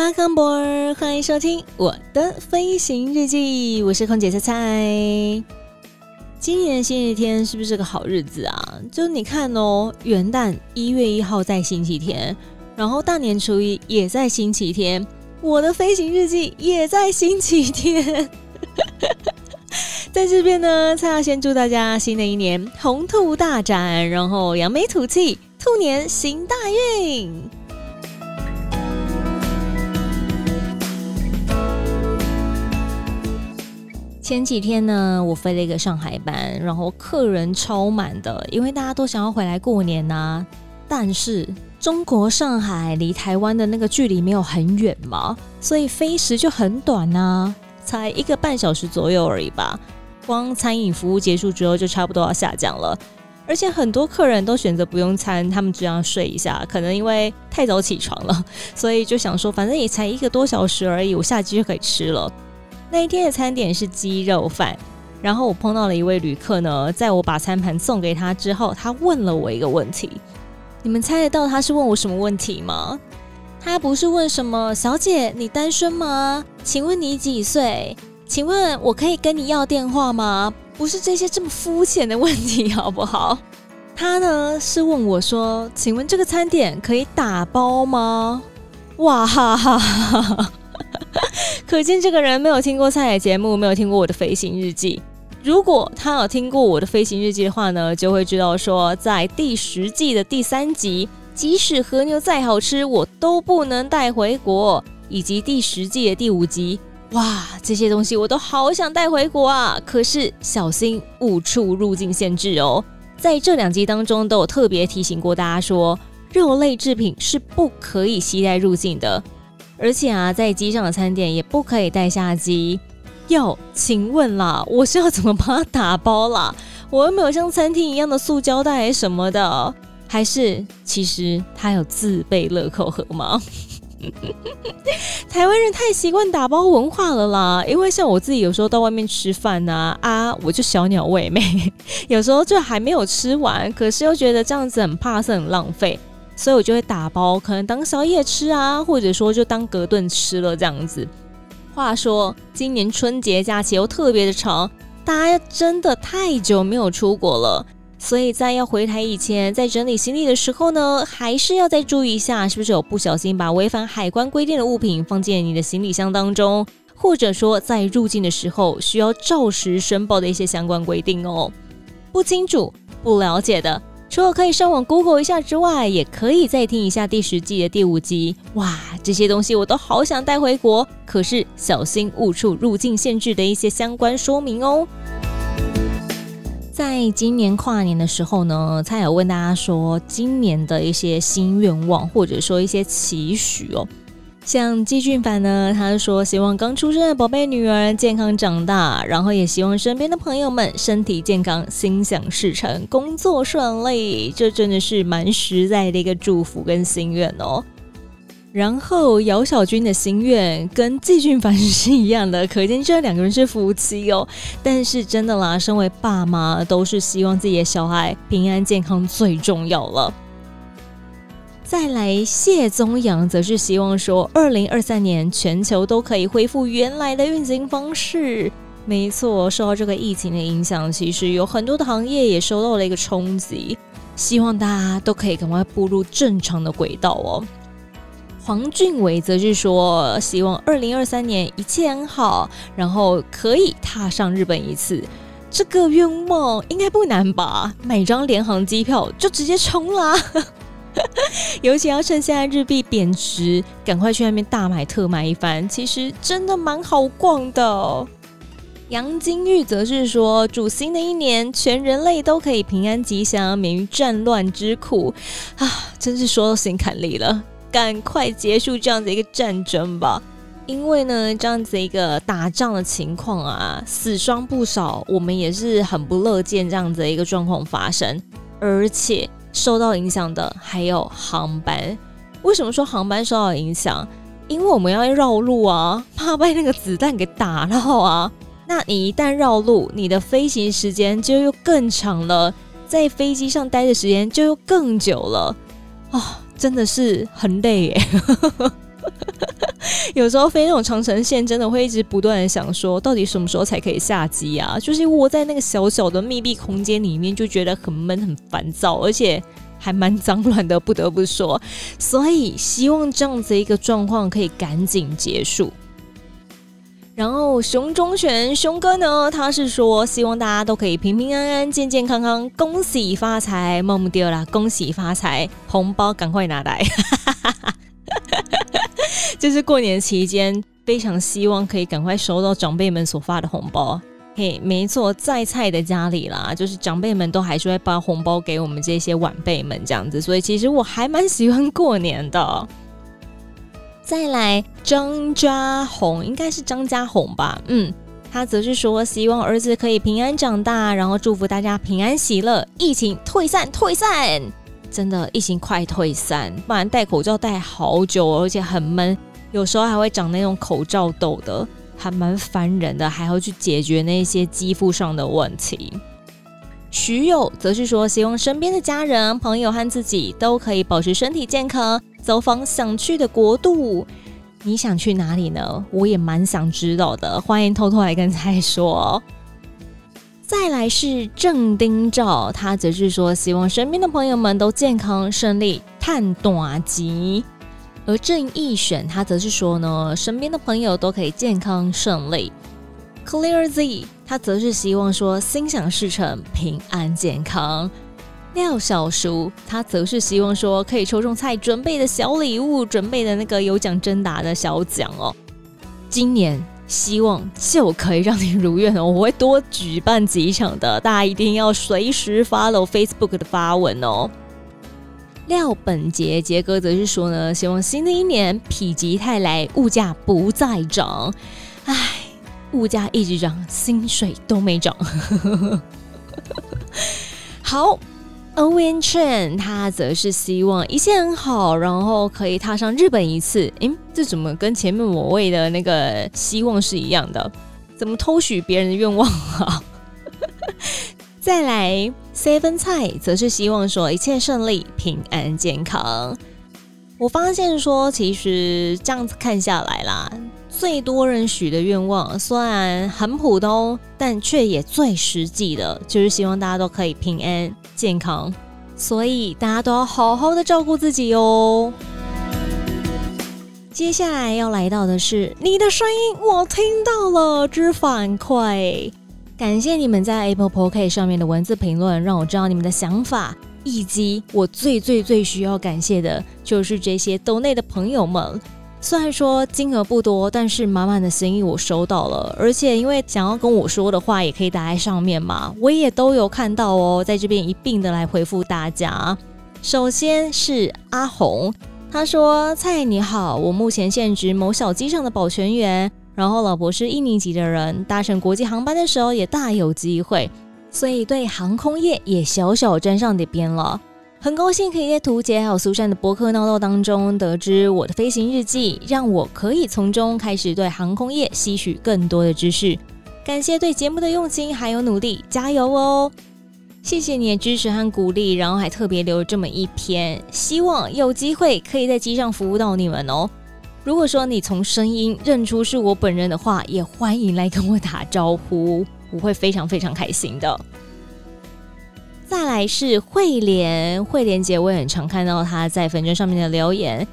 Welcome aboard, 歡迎收聽我的飛行日記，我是空姐菜菜。今年星期天是不是個好日子啊？就你看哦，元旦一月一號在星期天，然後大年初一也在星期天，我的飛行日記也在星期天。 在這邊呢，菜菜先祝大家新的一年紅兔大展，然後揚眉吐氣，兔年行大運。前幾天呢，我飛了一個上海班，然後客人超滿的，因為大家都想要回來過年啊。但是中國上海離台灣的那個距離沒有很遠嘛，所以飛時就很短啊，才一個半小時左右而已吧。光餐飲服務結束之後，就差不多要下降了。而且很多客人都選擇不用餐，他們只想睡一下，可能因為太早起床了，所以就想說，反正也才一個多小時而已，我下機就可以吃了。那一天的餐點是雞肉飯，然後我碰到了一位旅客呢，在我把餐盤送給他之後，他問了我一個問題，你們猜得到他是問我什麼問題嗎？他不是問什麼，小姐，你單身嗎？請問你幾歲？請問我可以跟你要電話嗎？不是這些這麼膚淺的問題好不好？他呢，是問我說，請問這個餐點可以打包嗎？哇哈哈哈哈 可見這個人沒有聽過菜菜節目，沒有聽過我的飛行日記。如果他有聽過我的飛行日記的話呢，就會知道說，在第十季的第三集，即使和牛再好吃，我都不能帶回國；以及第十季的第五集，哇，這些東西我都好想帶回國啊！可是小心誤觸入境限制哦。在這兩集當中，都有特別提醒過大家說，肉類製品是不可以攜帶入境的。而且啊，在機上的餐點也不可以帶下機。喲，請問啦，我是要怎麼幫他打包啦？我又沒有像餐廳一樣的塑膠袋什麼的，還是其實他有自備樂扣盒嗎？ 台灣人太習慣打包文化了啦，因為像我自己有時候到外面吃飯吶、啊，啊，我就小鳥胃妹， 有時候就還沒有吃完，可是又覺得這樣子很怕是很浪費。所以我就會打包，可能當宵夜吃啊，或者說就當隔頓吃了這樣子。話說，今年春節假期又特別的長，大家真的太久沒有出國了，所以在要回台以前，在整理行李的時候呢，還是要再注意一下，是不是有不小心把違反海關規定的物品放進你的行李箱當中，或者說在入境的時候需要照實申報的一些相關規定哦。不清楚、不了解的。除了可以上網 Google 一下之外，也可以再聽一下第十季的第五集。哇，這些東西我都好想帶回國，可是小心誤觸入境限制的一些相關說明哦。在今年跨年的時候呢，才有問大家說，今年的一些新願望，或者說一些期許哦。像季俊凡呢，他說希望剛出生的寶貝女兒健康長大，然後也希望身邊的朋友們身體健康、心想事成、工作順利。這真的是蠻實在的一個祝福跟心願哦。然後姚小軍的心願跟季俊凡是一樣的，可見這兩個人是夫妻哦。但是真的啦，身為爸媽都是希望自己的小孩平安健康最重要了。再來，謝宗陽則是希望說，二零二三年全球都可以恢復原來的運行方式。沒錯，受到這個疫情的影響，其實有很多的行業也受到了一個衝擊，希望大家都可以趕快步入正常的軌道哦。黃俊偉則是說，希望二零二三年一切安好，然後可以踏上日本一次。這個願望應該不難吧？買張聯航機票就直接衝啦！ 尤其要趁現在日幣貶值，趕快去外面大買特買一番。其實真的蠻好逛的，哦。楊金玉則是說，祝新的一年全人類都可以平安吉祥，免於戰亂之苦啊！真是說到心坎裡了，趕快結束這樣子一個戰爭吧，因為呢，這樣子一個打仗的情況啊，死傷不少，我們也是很不樂見這樣子一個狀況發生，而且。受到影響的還有航班。為什麼說航班受到影響？因為我們要繞路啊，怕被那個子彈給打到啊。那你一旦繞路，你的飛行時間就又更長了，在飛機上待的時間就又更久了啊，哦，真的是很累耶。 有時候飛那種長程線，真的會一直不斷的想說，到底什麼時候才可以下機啊？就是窩在那個小小的密閉空間裡面，就覺得很悶、很煩躁，而且還蠻髒亂的，不得不說。所以希望這樣子一個狀況可以趕緊結束。然後熊中全熊哥呢，他是說希望大家都可以平平安安、健健康康，恭喜發財，夢不丟了，恭喜發財，紅包趕快拿來。 就是過年期間，非常希望可以趕快收到長輩們所發的紅包。嘿、hey，沒錯，在菜的家裡啦，就是長輩們都還是會發紅包給我們這些晚輩們這樣子。所以其實我還蠻喜歡過年的。再來，張家紅應該是張家紅吧？嗯，他則是說希望兒子可以平安長大，然後祝福大家平安喜樂，疫情退散，退散，真的疫情快退散，不然戴口罩戴好久，而且很悶。有時候還會長那種口罩痘的，還蠻煩人的，還要去解決那些肌膚上的問題。徐友則是說，希望身邊的家人、朋友和自己都可以保持身體健康，走訪想去的國度。你想去哪裡呢？我也蠻想知道的，歡迎偷偷來跟菜說。再來是鄭丁照，他則是說，希望身邊的朋友們都健康順利探，探短級。而正義選他則是說呢，身邊的朋友都可以健康順利。Clear Z 他則是希望說心想事成，平安健康。廖小叔，他則是希望說可以抽中菜準備的小禮物，準備的那個有獎徵答的小獎哦。今年希望就可以讓你如願哦，我會多舉辦幾場的，大家一定要隨時 follow Facebook 的發文哦。廖本杰杰哥則是說呢，希望新的一年否極泰來，物價不再漲。唉，物價一直漲，薪水都沒漲。 好，Owen Chan 他則是希望一切很好，然後可以踏上日本一次。哎，這怎麼跟前面某位的那個希望是一樣的？怎麼偷許別人的願望啊？ 再來。七分菜則是希望說一切順利、平安健康。我發現說，其實這樣子看下來啦，最多人許的願望雖然很普通，但卻也最實際的，就是希望大家都可以平安健康。所以大家都要好好的照顧自己哦。接下來要來到的是你的聲音，我聽到了之反饋。感謝你們在 Apple Podcast 上面的文字評論，讓我知道你們的想法。以及我最最最需要感謝的，就是這些抖內的朋友們。雖然說金額不多，但是滿滿的心意我收到了。而且因為想要跟我說的話也可以打在上面嘛，我也都有看到哦，在這邊一併的來回復大家。首先是阿紅，她說：“菜你好，我目前現職某小機上的保全員。”然後老婆是一年級的人，搭乘國際航班的時候也大有機會，所以對航空業也小小沾上點邊了。很高興可以在圖杰還有蘇珊的博客鬧鬧當中得知我的飛行日記，讓我可以從中開始對航空業吸取更多的知識。感謝對節目的用心還有努力，加油哦！謝謝你的支持和鼓勵，然後還特別留了這麼一篇，希望有機會可以在機上服務到你們哦。如果說你從聲音認出是我本人的話，也歡迎來跟我打招呼，我會非常非常開心的。再來是慧蓮，慧蓮姐，我也很常看到她在粉專上面的留言，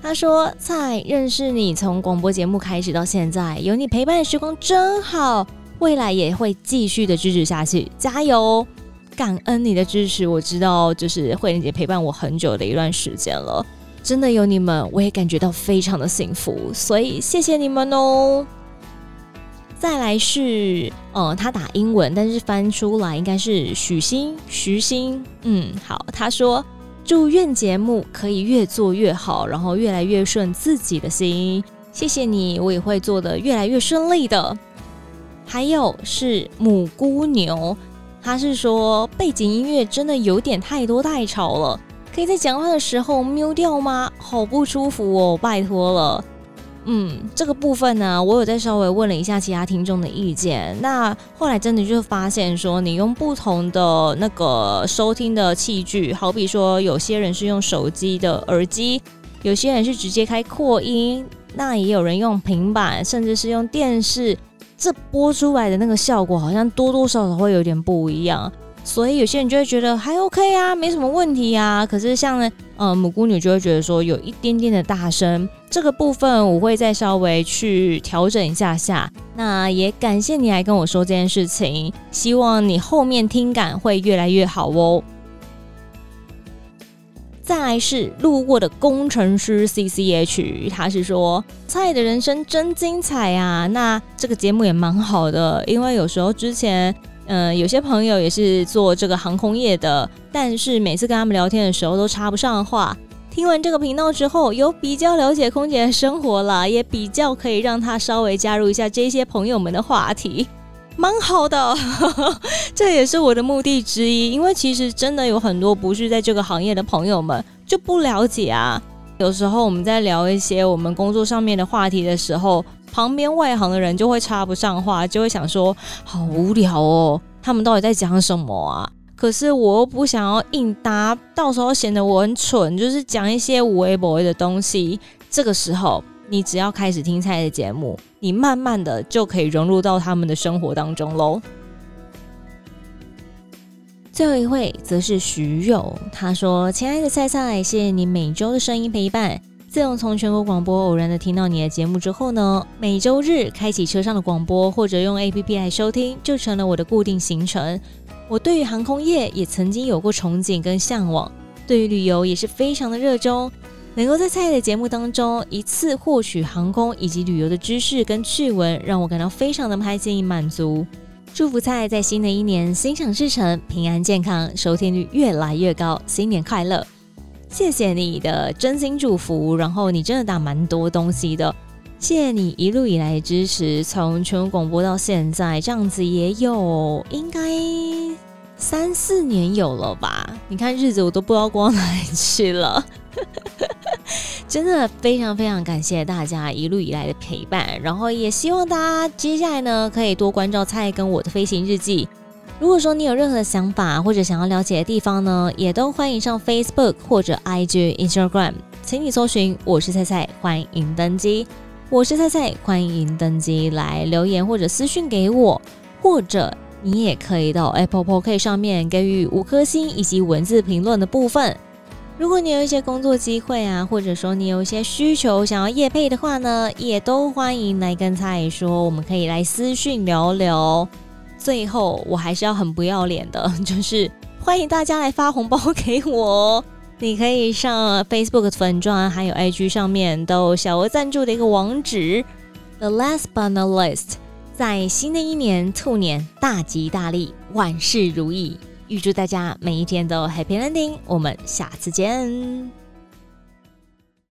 她說：“菜，認識你從廣播節目開始到現在，有你陪伴的時光真好，未來也會繼續的支持下去，加油！感恩你的支持，我知道就是慧蓮姐陪伴我很久的一段時間了。”真的有你們，我也感覺到非常的幸福，所以謝謝你們哦。再來是，呃，他打英文，但是翻出來應該是許昕，許昕，嗯，好，他說祝願節目可以越做越好，然後越來越順自己的心。謝謝你，我也會做得越來越順利的。還有是母姑牛，他是說背景音樂真的有點太多太吵了。可以在講話的時候 mute 掉嗎？好不舒服哦，拜托了。嗯，這個部分呢、啊，我有在稍微問了一下其他聽眾的意見。那後來真的就發現，說你用不同的那個收聽的器具，好比說有些人是用手機的耳機，有些人是直接開擴音，那也有人用平板，甚至是用電視，這播出來的那個效果好像多多少少會有點不一樣。所以有些人就會覺得還 OK 啊，沒什麼問題啊。可是像嗯、呃，母姑女就會覺得說有一點點的大聲，這個部分我會再稍微去調整一下下。那也感謝你來跟我說這件事情，希望你後面聽感會越來越好哦。再來是路過的工程師 CCH，他是說菜的人生真精彩啊。那這個節目也蠻好的，因為有時候之前。嗯，有些朋友也是做這個航空業的，但是每次跟他們聊天的時候都插不上話。聽完這個頻道之後，有比較了解空姐的生活了，也比較可以讓她稍微加入一下這些朋友們的話題，蠻好的。 這也是我的目的之一，因為其實真的有很多不是在這個行業的朋友們就不了解啊。有時候我們在聊一些我們工作上面的話題的時候。旁邊外行的人就會插不上話，就會想說好無聊哦，他們到底在講什麼啊？可是我又不想要應答，到時候顯得我很蠢，就是講一些無謂無謂的東西。這個時候，你只要開始聽菜的節目，你慢慢的就可以融入到他們的生活當中嘍。最後一位則是徐友，他說：“親愛的菜菜，謝謝你每周的聲音陪伴。”自從從全國廣播偶然的聽到你的節目之後呢，每周日開啟車上的廣播或者用 APP 來收聽，就成了我的固定行程。我對於航空業也曾經有過憧憬跟向往，對於旅遊也是非常的熱衷。能夠在菜的節目當中一次獲取航空以及旅遊的知識跟趣聞，讓我感到非常的開心與滿足。祝福菜在新的一年心想事成、平安健康、收聽率越來越高，新年快樂！謝謝你的真心祝福，然後你真的打蠻多東西的，謝謝你一路以來的支持，從全國廣播到現在這樣子也有應該三四年有了吧？你看日子我都不知道過到哪裡去了， 真的非常非常感謝大家一路以來的陪伴，然後也希望大家接下來呢可以多關照菜跟我的飛行日記。如果說你有任何的想法或者想要了解的地方呢，也都歡迎上 Facebook 或者 IG Instagram，請你搜尋我是菜菜，歡迎登機。我是菜菜，歡迎登機來留言或者私訊給我，或者你也可以到 Apple Podcast 上面給予五顆星以及文字評論的部分。如果你有一些工作機會啊，或者說你有一些需求想要業配的話呢，也都歡迎來跟菜說，我們可以來私訊聊聊。最後，我還是要很不要臉的，就是歡迎大家來發紅包給我。你可以上 Facebook 粉專還有 IG 上面都有小額贊助的一個網址。The last but not least，在新的一年兔年，大吉大利，萬事如意，預祝大家每一天都 Happy Landing。我們下次見。